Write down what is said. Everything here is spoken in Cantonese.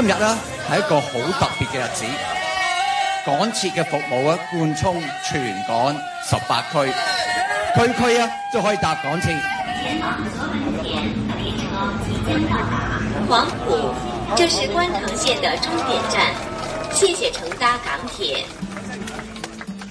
今日呢，係一個好特別嘅日子。港鐵嘅服務啊，貫通全港十八區，區區啊都可以搭港鐵。前往何文田。列車即將到達黃埔，這是觀塘綫嘅終點站。謝謝乘搭港鐵。